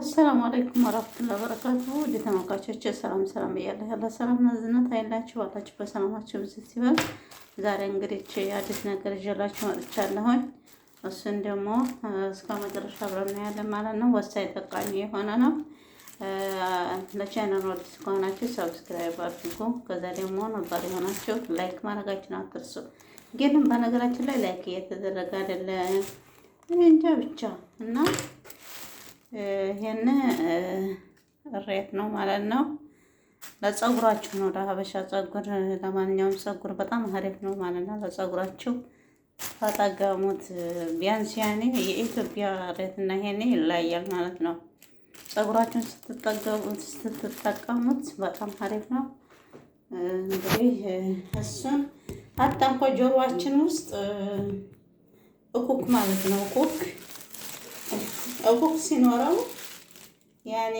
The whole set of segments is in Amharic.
አሰላሙ አለይኩም ወራህመቱላሂ ወበረካቱ። ውድ ተመልካቾች ሰላም ሰላም እያለሁ ያለ ሰላም ነዝነት አይላችሁ አላችሁ በሰላማችሁ ብዙ ሲበል ዛሬ እንግዲህ አዲስ ነገር ይዤላችሁ መጥቻለሁኝ። እሱን ደግሞ እስከ መጨረሻ አብረን እናያለን ማለት ነው። ወሳኝ ጠቃሚ የሆነ ነው። ለቻናሉ አዲስ ከሆናችሁ ሰብስክራይብ አድርጉ። ከዛ ደግሞ ነባር የሆናችሁ ላይክ ማድረጋችሁን አትርሱ። ግን በነገራችን ላይ ላይክ እየተደረገ አይደለም እንጃ ብቻ እና ይሄን እሬት ነው ማለት ነው። ለፀጉራችሁ ነው ለሀበሻ ፀጉር፣ ለማንኛውም ፀጉር በጣም ሀሪፍ ነው ማለት ነው። ለፀጉራችሁ ተጠቀሙት። ቢያንስ ያኔ የኢትዮጵያ እሬት እና ይሄኔ ይለያል ማለት ነው። ፀጉራችሁን ስትጠቀሙት ስትጠቀሙት በጣም ሀሪፍ ነው። እንግዲህ እሱን አታ እንኳ ጆሮአችን ውስጥ እኩክ ማለት ነው እኩክ ጠቡቅ ሲኖረው ያኔ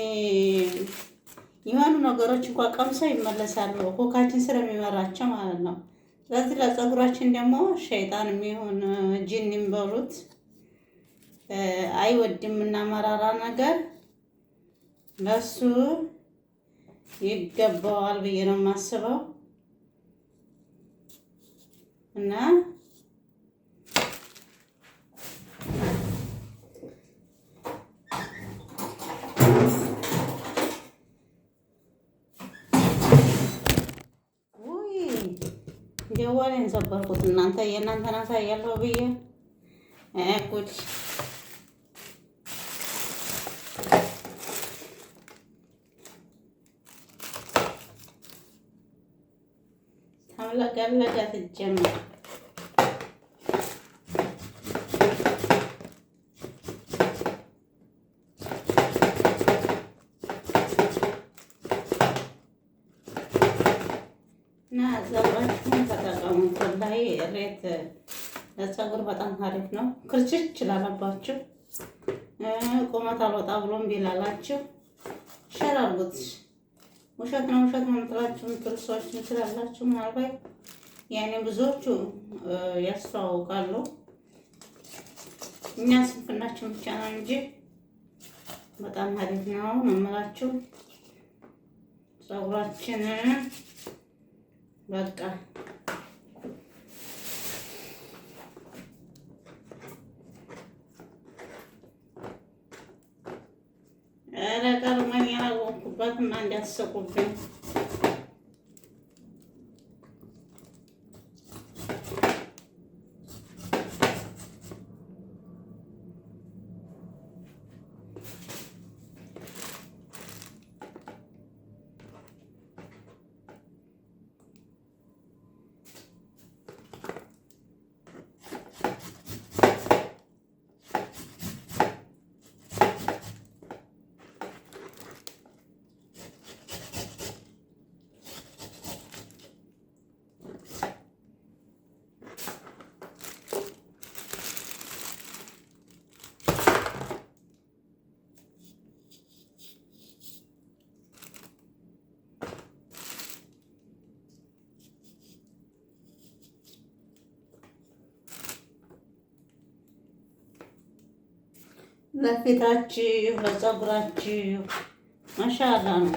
የሆኑ ነገሮች እንኳ ቀምሰው ይመለሳሉ። ኮካችን ስለሚመራቸው ማለት ነው። ስለዚህ ለፀጉራችን ደግሞ ሸይጣን የሚሆን ጅን የሚበሉት አይወድም እና መራራ ነገር ለሱ ይገባዋል ብዬ ነው የማስበው እና ጀዋሌን ሰበርኩት። እናንተ የእናንተን አሳያለሁ ብዬ ጉድ ታውለቀለቀ ትጀምር ላይት ፀጉር በጣም አሪፍ ነው። ክርችች ይችላላባችሁ ቁመት አልወጣ ብሎም ቢላላችሁ ሸር አድርጉት። ውሸት ነው ውሸት ነው የምትላችሁ የምትሉ ሰዎች ትችላላችሁ። ምናልባት ያኔ ብዙዎቹ ያስተዋውቃሉ። እኛ ስንፍናችን ብቻ ነው እንጂ በጣም አሪፍ ነው የምላችሁ ፀጉራችን በቃ Jackson, convém ለፊታችሁ ለፀጉራችሁ ማሻላ ነው።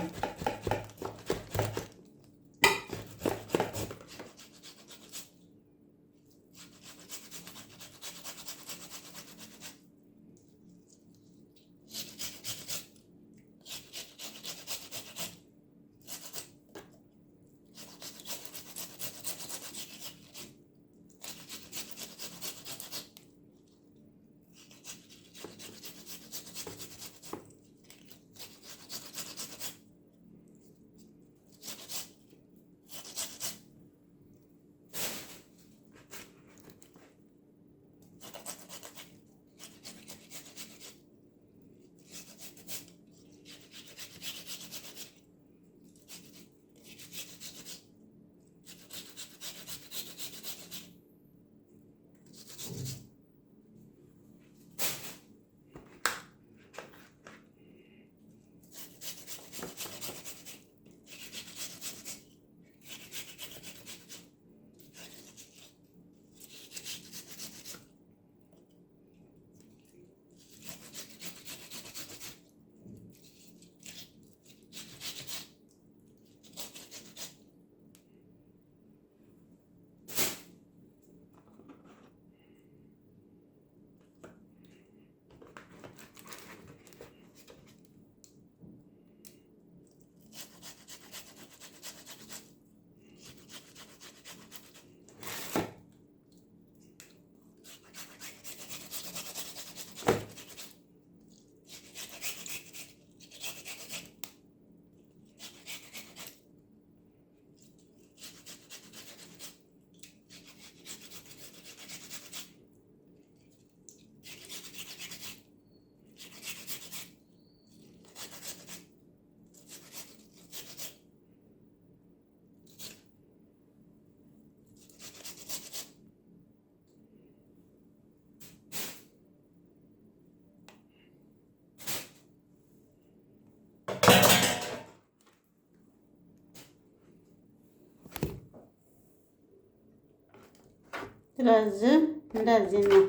ስለዚህ እንደዚህ ነው።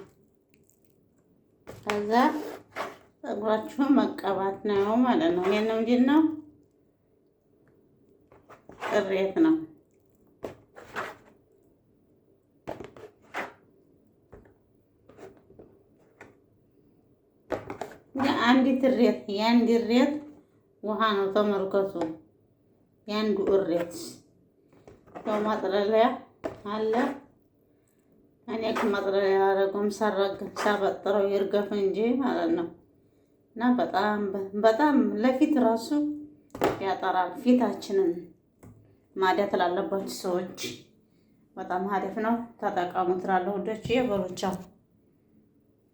ከዛ ፀጉራችሁን መቀባት ነው ማለት ነው። ይሄን ነው እንጂ ነው ቅሬት ነው። የአንዲት እሬት የአንድ እሬት ውሃ ነው ተመልከቱ። የአንዱ እሬት በማጥለያ አለ እኔ ከመጥሪያ ያደረጉም ሳበጥረው ይርገፍ እንጂ ማለት ነው። እና በጣም በጣም ለፊት ራሱ ያጠራል። ፊታችንን ማዳት ላለባችሁ ሰዎች በጣም ሀሪፍ ነው። ተጠቀሙት። ላለ ወዶች የበሮቻው